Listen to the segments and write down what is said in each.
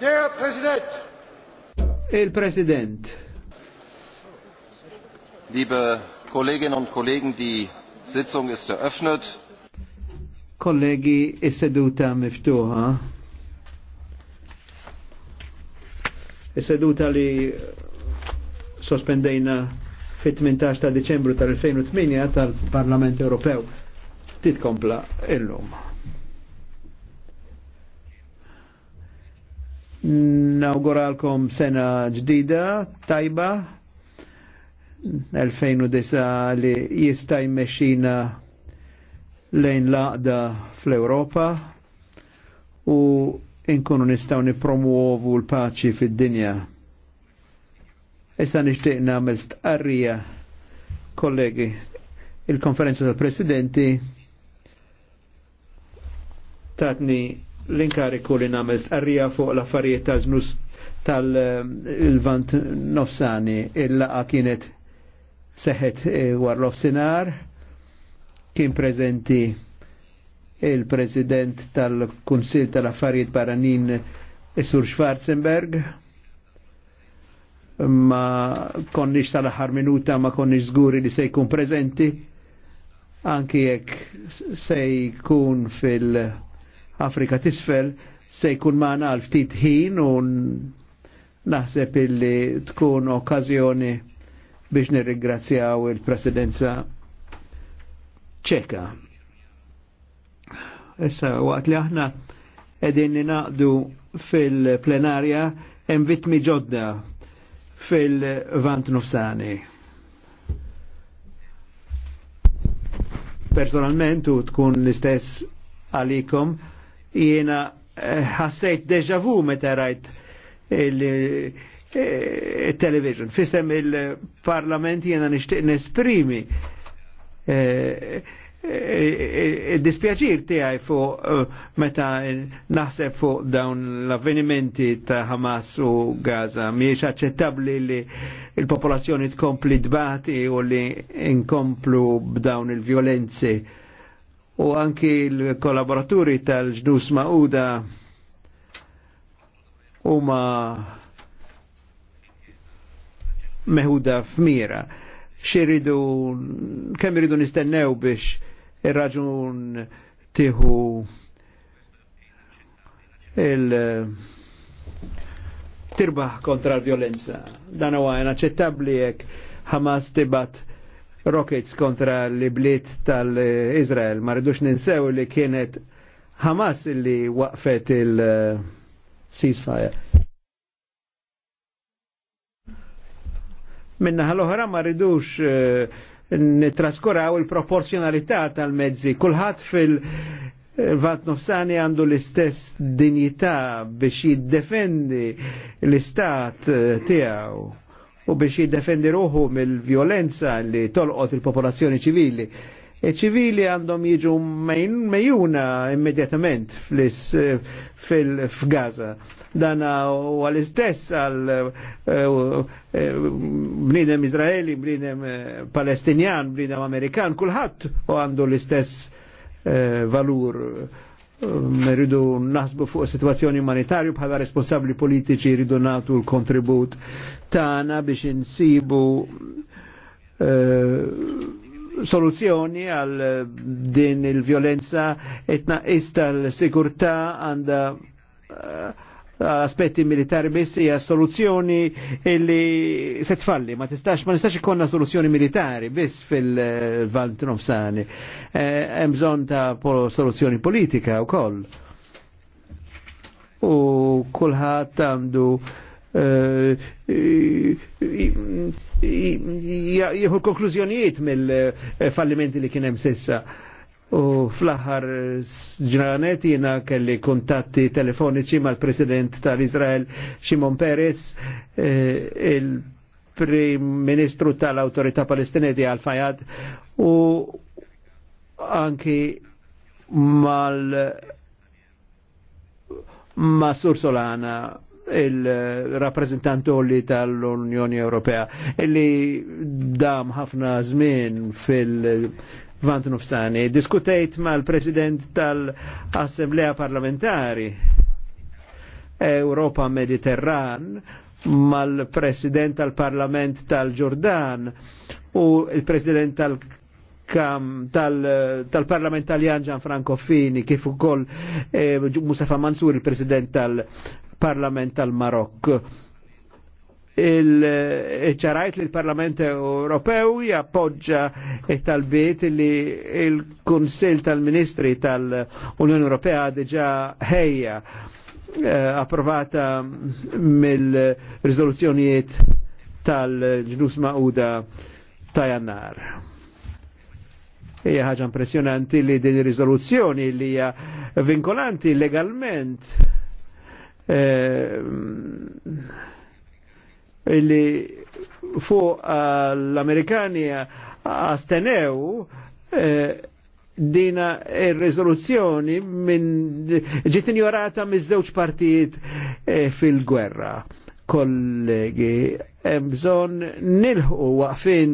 President. Il-President. Liebe Kolleginnen und Kollegen, die Sitzung ist eröffnet. Kollegi, is-seduta miftuħa. Is-seduta li sospendejna fit-18 ta' Deċembru tal-2008 tal-Parlament Ewropew titkompla illum. nawguralkom sena ġdida, tajba, 2009 li jista' jmexxina lejn laqda fl-Europa u inkunu nistaw nipromuovu l-paċi fid-dinja. Issa nixtieq nagħmel stqarrija kollegi il-konferenza tal-presidenti tatni l-inkariku li namest arrija fuq l-affarijiet tal-ġnus tal-vant nofsani il-laqa kienet seħet eh, war l offsinar kien prezenti il-president tal-Kunsil tal-Affarijiet Baranin Isur Schwarzenberg ma konniex tal-aħħar minuta ma konniex żguri li se jkun prezenti anki jekk se jkun fil- Afrika tisfel se jkun maħna għal ftit ħin u naħseb illi tkun okkazjoni biex nirringrazzjaw il-presidenza ċeka. Issa waqt li aħna edin ninaqdu fil-plenarja hemm vitmi ġodda fil-vant nufsani. Personalment u tkun l-istess għalikom Jiena eh, ħassejt deja vu meta rajt eh, il-television. Eh, il Fisem il-parlament jiena nishtiq nesprimi il-dispjaċir tiegħi fuq meta naħseb fuq dawn l-avvenimenti ta' Hamas u Gaza miex aċċettabbli li l-popolazzjoni tkompli dbati u li nkomplu b'dawn il-violenzi. il violenzi u anki l-kollaboraturi tal ġdus ma'uda huma meħuda f'mira. Xiridu, kemm iridu nistennew biex irraġun tiħu il- tirbaħ kontra l-violenza. Dan huwa inaċċettabbli jekk Hamas tibat rockets kontra li blit tal-Izrael. Ma rridux ninsew li kienet Hamas li waqfet il-ceasefire. Minna ħal-oħra ma rridux eh, nitraskuraw il-proporzjonalità tal-mezzi. Kulħadd fil- Vat Nofsani għandu l-istess dinjità biex jiddefendi l-istat eh, tijaw u biex jiddefendi ruħu mill-violenza li tolqot il-popolazzjoni ċivili. Iċ-ċivili e għandhom jiġu mejuna immedjatament fil-Gaza. Dana u għal-istess għal e, e, bnidem Izraeli, bnidem Palestinjan, bnidem Amerikan, kulħadd u għandu l-istess valur meridu naħsbu fuq situazzjoni umanitarju bħala responsabli politiċi ridu natu l-kontribut tana biex insibu eh, soluzzjoni għal din il-violenza etna ista sikurta għanda uh, aspetti militari biss hija soluzzjoni illi se tfalli, ma tistax ma nistax ikonna soluzzjoni militari biss fil-Val Nofsani. Eh, hemm bżonn ta' soluzzjoni politika wkoll. U kulħadd għandu eh, jieħu konklużjonijiet mill-fallimenti li kien hemm sissa. U fl-aħħar ġranet jina kelli kontatti telefoniċi mal-President tal-Izrael Shimon Peres, eh, il-Prim Ministru tal-Autorità Palestinedi għal-Fajad u anki mal ma Sursolana Solana il-rappresentantu li tal-Unjoni Ewropea illi dam ħafna żmien fil- vant nufsani. Diskutejt mal-president tal-Assemblea Parlamentari Europa Mediterran, mal-president tal-Parlament tal-Ġordan u il-president tal kam tal-parlament tal taljan Gianfranco Fini kif ukoll eh, Mustafa Mansur il-president tal-parlament tal-Marokk il-ċarajt li l-Parlament Ewropew jappoġġa tal-bit li il-Kunsil tal-Ministri tal-Unjoni Ewropea diġa ħejja eh, approvata mill-rizoluzzjonijiet tal-ġnus ma'uda ta' jannar. Ija ħaġa impressjonanti li din riżoluzzjoni li hija vinkolanti legalment. eh, li fuq eh, l-Amerikani astenew eh, dina il-rezoluzzjoni minn ġiet ignorata miż-żewġ partijiet eh, fil-gwerra kollegi, nilħu waqfin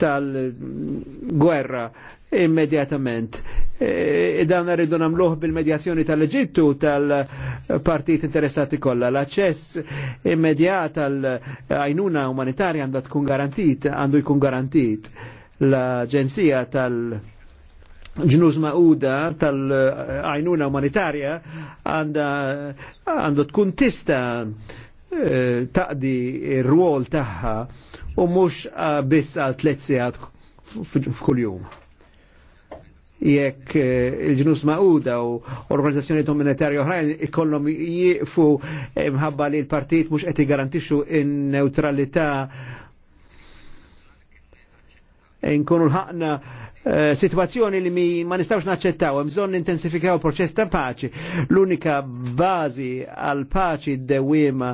tal-gwerra immedjatament. E, e, dan rridu namluħ bil-medjazzjoni tal-Eġittu tal-partit interessati kollha. L-aċċess immedjat għall għajnuna umanitarja għandha tkun garantit, għandu jkun garantit. L-Aġenzija tal- ġnuż maquda tal-għajnuna umanitarja għandu tkun tista e, taqdi r-ruol tagħha u mhux ah, biss għal tliet sigħat f'kull jum. Jekk eh, il-ġnus ma'uda u organizzazzjoni humanitarja oħrajn ikollhom jieqfu eh, mħabba li l-partit mhux qed jiggarantixxu in-neutralità eh, nkunu l-ħakna situazzjoni li mi ma nistawx naċċettaw, hemm bżonn intensifikaw proċess ta' paċi. L-unika bażi għal paċi d-dewima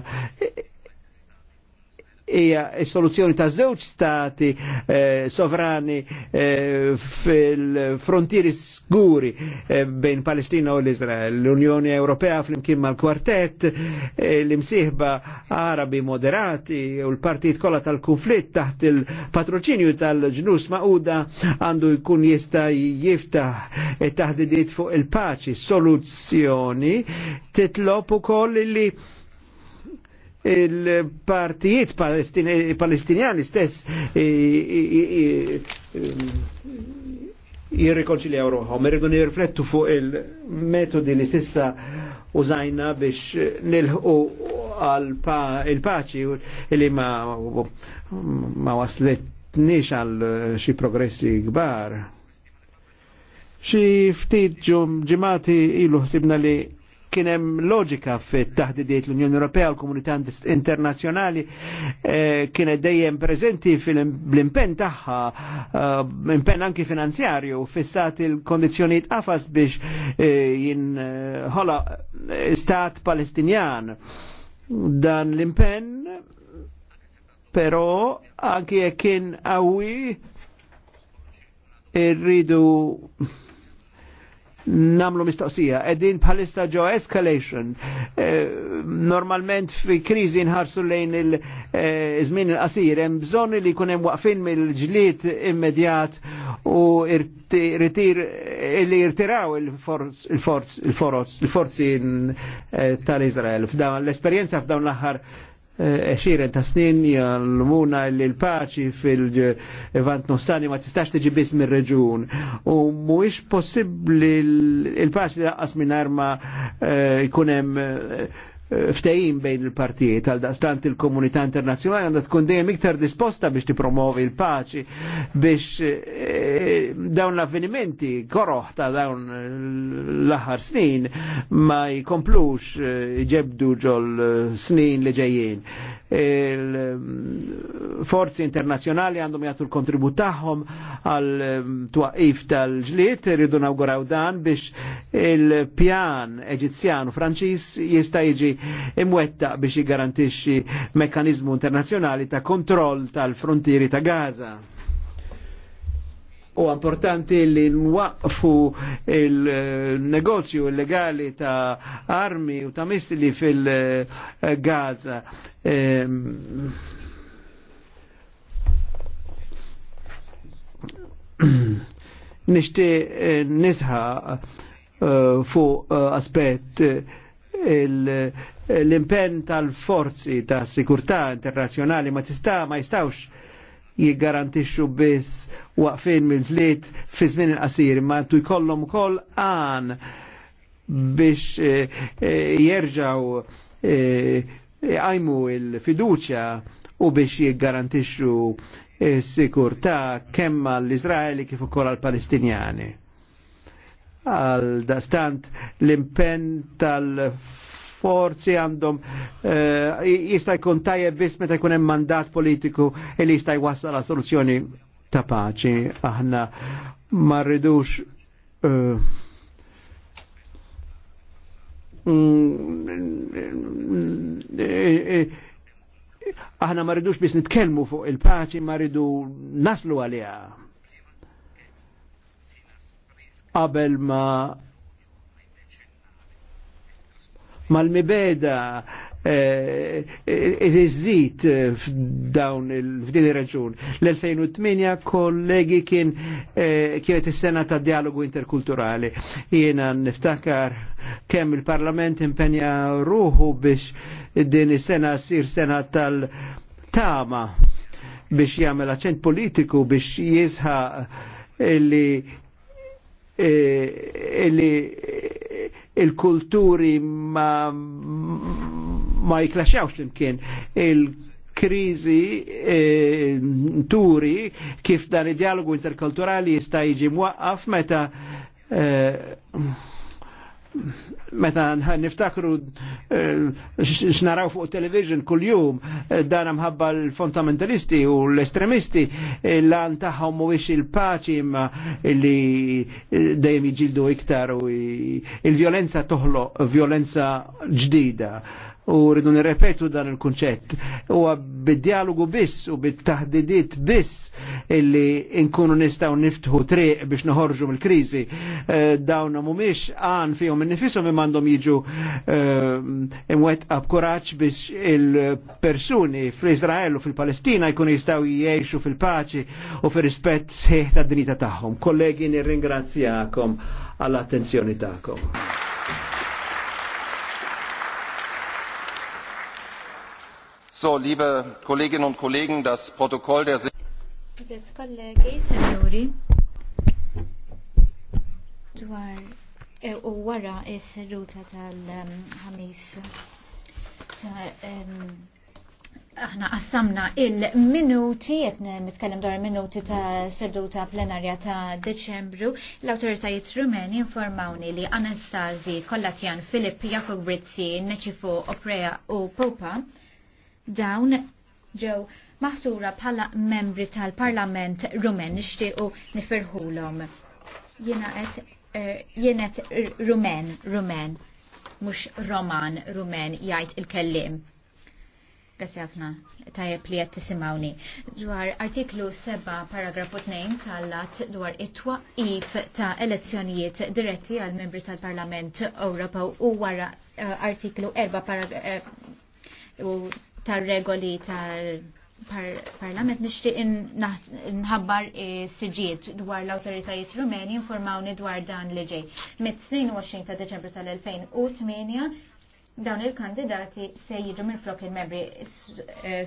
hija soluzzjoni ta' żewġ stati eh, sovrani eh, fil-frontieri skuri eh, bejn Palestina u l-Izrael. L-Unjoni Ewropea flimkien mal-kwartett, l-imsieħba Arabi moderati u l-partit kollha tal-konflitt taħt il-patroċinju tal-ġnus ma'uda għandu jkun jista' jiftaħ taħdidiet fuq il-paċi, soluzzjoni titlopu koll li il-partijiet palestinjani stess jirrikonċiljaw ruħom, irridu nirriflettu fuq il-metodi li sissa użajna biex nilħu għal il-paċi li ma, ma waslitniex għal xi progressi gbar. Xi ftit ġimati ilu ħsibna li kien hemm loġika fit-taħdidiet l-Unjoni Ewropea u l-Komunità Internazzjonali kien eh, kienet dejjem preżenti fil-impenn tagħha eh, impenn anki finanzjarju fissat il-kondizzjonijiet qafas biex eh, jinħola eh, stat Palestinjan. Dan l-impenn però anki jekk kien qawwi irridu namlu mistoqsija. Edin bħalista ġo escalation. Eh, normalment fi krizi nħarsu lejn il-żmien eh, il-qasir, hemm bżonn li jkun hemm waqfin mill-ġlied immedjat u irtir li irtiraw il-forzi eh, tal-Izrael. L-esperjenza f'dawn l-aħħar xiren ta' snin jgħalmuna li l-paċi fil-vant nofsani ma tistax tiġi bis mir reġun U mux possibli l-paċi laqqas minn arma eh, jkunem ftejim bejn il-partijiet għal daqstant il-komunità internazjonali għandha tkun dejjem iktar disposta biex tipromovi l-paċi biex eh, dawn l-avvenimenti koroħ ta' dawn l-aħħar snin ma jkomplux eh, ġebdu ġol eh, snin li ġejjin. Il-forzi internazjonali għandhom jagħtu l-kontribut tagħhom għal twaqif tal-ġlied irridu nawguraw dan biex il-pjan Eġizzjan u Franċiż jista' jiġi imwetta biex jgarantixxi mekkanizmu internazzjonali ta' kontroll tal-frontieri ta' Gaza. U importanti li nwaqfu il-negozju illegali ta' armi u ta' missili fil-Gaza. Ehm, nishti eh, nisħa eh, fu eh, aspet l-impenn tal-forzi ta' sikurtà internazzjonali ma tista' ma jistawx jiggarantixxu biss waqfin minn żliet fi żmien qasir ma tu jkollhom ukoll għan biex eh, eh, jerġaw eh, għajmu il-fiduċja u biex jiggarantixxu sikurtà kemm għall-Izraeli kif ukoll għall-Palestinjani għal dastant l-impenn tal-forzi għandhom jista' eh, jista' jkun tajjeb biss meta jkun hemm mandat politiku li jista' jwassal għal soluzzjoni ta' paċi. Aħna ma rridux eh, mm, eh, aħna ma rridux biss nitkellmu fuq il-paċi, ma rridu naslu għaliha qabel ma mal-mibeda irriżit eh, eh, eh, f'dawn f'din ir-raġun. L-2008 kollegi kien kienet is-sena ta' dialogu interkulturali. Jiena niftakar kemm il-Parlament impenja ruħu biex din is-sena sir sena tal-tama biex jagħmel aċent politiku biex jisħaq illi E, illi il-kulturi ma ma jiklaxjawx l-imkien krizi e, turi kif dan il dialogu interkulturali jista' jiġi mwaqqaf meta e, meta niftakru eh, x'naraw fuq television kuljum eh, dan mħabba l-fundamentalisti u l-estremisti eh, l-għan tagħhom mhuwiex il-paċi imma li dejjem jiġildu iktar u il-vjolenza toħloq vjolenza ġdida u rridu nirrepetu dan il-kunċett. U bid-dialogu biss u bit tahdidit biss illi nkunu nistaw niftħu triq biex noħorġu mill-kriżi. Eh, dawn mumiex għan fihom innifisom imma għandhom jiġu għab eh, kuraċ biex il-persuni fl-Iżrael u fil-Palestina jkunu jistgħu jgħixu fil-paċi u fil rispett sħiħ tad dinita tagħhom. Kollegi nirringrazzjakom għall-attenzjoni taħkom. So, liebe Kolleginnen und Kollegen, das Protokoll der dwar eh, wara tal aħna qassamna il-minuti, qed nitkellem dwar il-minuti ta' seduta plenarja ta' Deċembru, l-awtoritajiet rumeni informawni li Anastazi Kollatjan Filip Jakub Brizzi, Neċifu Oprea u Popa Dawn ġew maħtura bħala membri tal-Parlament Rumen nixtiequ nifirħulhom. Jiena qed er, jienet rumen, rumen, mux roman, rumen, jajt il-kellim. Għassi ħafna tajab li għed tisimawni. Dwar artiklu 7, paragrafu 2 tal-lat dwar itwa if ta' elezzjonijiet diretti għal membri tal-Parlament Ewropew u wara eh, artiklu 4, paragrafu eh, tar-regoli tal-Parlament nixtieq nħabbar siġiet dwar l-awtoritajiet Rumeni informawni dwar dan li ġej. Mit-22 ta' Deċembru tal-2008 dawn il-kandidati se jiġu minn flok il-membri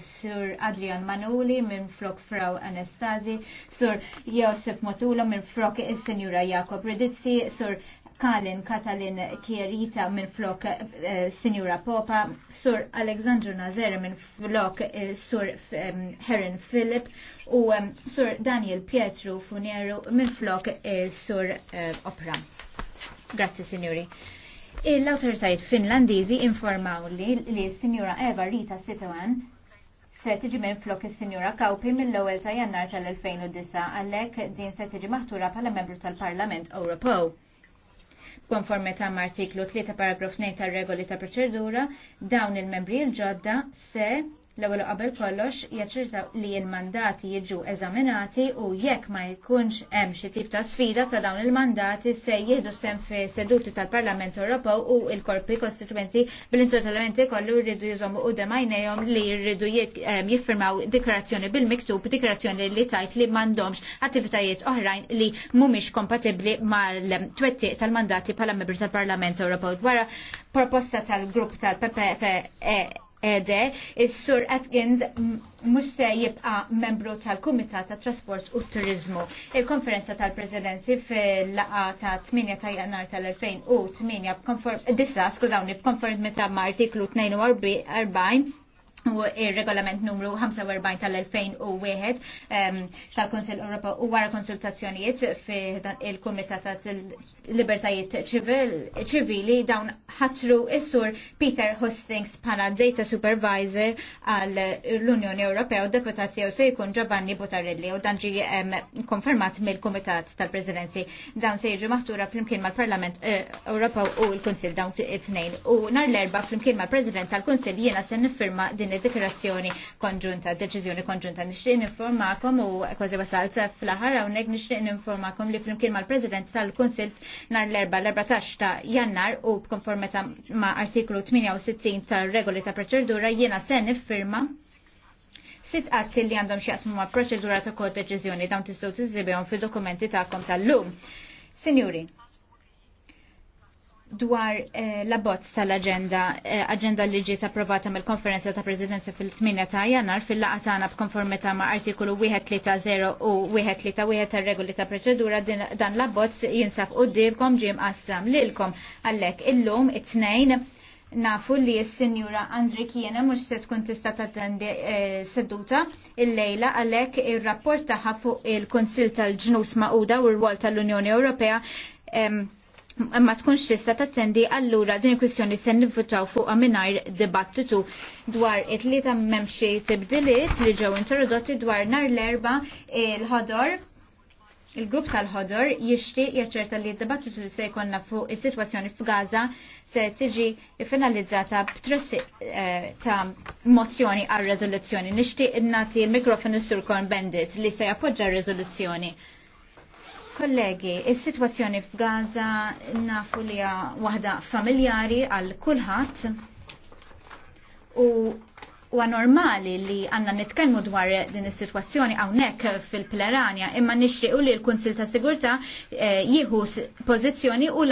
Sur Adrian Manuli minn flok Fraw Anastasi, Sur Josef Motulo minn flok il-Senjura Jakob Redizzi, Sur Kalin Katalin Kierita minn flok eh, Sinjura Popa, Sur Alexandru Nazera minn flok eh, Sur Heron Philip u Sur Daniel Pietru Funeru minn flok eh, Sur Opera. Grazzi, Sinjuri. L-autoritajt finlandizi informaw li li Sinjura Eva Rita Sitowan se tiġi minn flok is-Sinjura Kaupi mill-ewwel ta' Jannar tal-2009 għalhekk din se tiġi maħtura bħala membru tal-Parlament Ewropew. Konformità ma' artiklu 3 paragraf 2 tal regoli ta' proċedura, dawn il-membri l-ġodda se L-ewwel qabel kollox jaċċerta li l-mandati jiġu eżaminati u jekk ma jkunx hemm xi tip ta' sfida ta' dawn il-mandati se jieħdu sem fi seduti tal-Parlament Ewropew u l-korpi kostituenti bil-insotolamenti kollu jridu jżommu u demajnejhom li jridu jiffirmaw dikrazzjoni bil-miktub, dikrazzjoni li tajt li m'għandhomx attivitajiet oħrajn li mhumiex kompatibbli mal-twettiq tal-mandati bħala membri tal-Parlament Ewropew. Wara proposta tal-grupp tal-PPE Ede, il-Sur Atkins mux se jibqa membru tal-Kumitat ta' Trasport u Turizmu. Il-konferenza tal-Presidenzi fil-laqa ta' 8 ta' jannar tal-2008 b'konform, dissa, skużawni, b'konformita ma' artiklu 42 u il-regolament numru 45 tal-2001 tal-Konsil Europa u għara konsultazzjonijiet fi il-Komitat tal-Libertajiet ċivili dawn ħatru is-sur Peter Hustings bħala Data Supervisor għal l-Unjoni Ewropea u deputat jew se jkun Giovanni Butarelli u dan ġi konfermat mill-Komitat tal-Presidenzi dawn se jiġu maħtura flimkien mal-Parlament eh, Ewropa u l konsil dawn it-tnejn u nar l-erba flimkien mal-President tal konsil jiena se niffirma din din id konġunta, deċiżjoni konġunta. Nixtieq informakom u kważi wasalt fl-aħħar hawnhekk nixtieq informakom li flimkien mal-President tal-Kunsilt nar l-erba l-14 ta' Jannar u b'konformità ma' artiklu 68 tar-regoli ta' proċedura jiena se nifirma sit għatti li għandhom xieqsmu ma' proċedura ta' kod deċizjoni dawn tistaw tizzibjon fil-dokumenti ta'kom tal-lum. Signori, dwar eh, la tal-agenda, eh, agenda li ġiet approvata mill-konferenza ta' Presidenza fil-8 ta' jannar fil-laqa tagħna f'konformità ma' artikolu 130 u 131 tar-regoli ta' proċedura dan l bozz jinsab qudiemkom ġiem qassam lilkom għalhekk illum it-tnejn nafu li s-senjura Andri Kiena mux se tkun tista tattendi eh, seduta il-lejla għalek il-rapport taħħa fuq il-Konsil tal-ġnus Mauda u r-rwol tal-Unjoni Ewropea ma tkunx tista' tattendi allura din il-kwistjoni se nivvutaw fuq mingħajr dibattitu dwar it-tlieta m'hemm xi tibdiliet li ġew introdotti dwar nhar l-erba' il-ħodor il-grupp tal-ħodor jixtieq jaċċerta li d-dibattitu li se jkollna fuq is-sitwazzjoni f'Gaza se tiġi finalizzata b'tress eh, ta' mozzjoni għal rezoluzzjoni. Nixtieq nagħti l-mikrofonu sur Bendit li se jappoġġa r-riżoluzzjoni. Kollegi, is-sitwazzjoni f'Gaza nafu li waħda familjari għal kulħadd u huwa normali li għanna nitkellmu dwar din is-sitwazzjoni hawnhekk fil plerania imma nixtiequ li l-Kunsil ta' Sigurtà eh, jieħu pożizzjoni u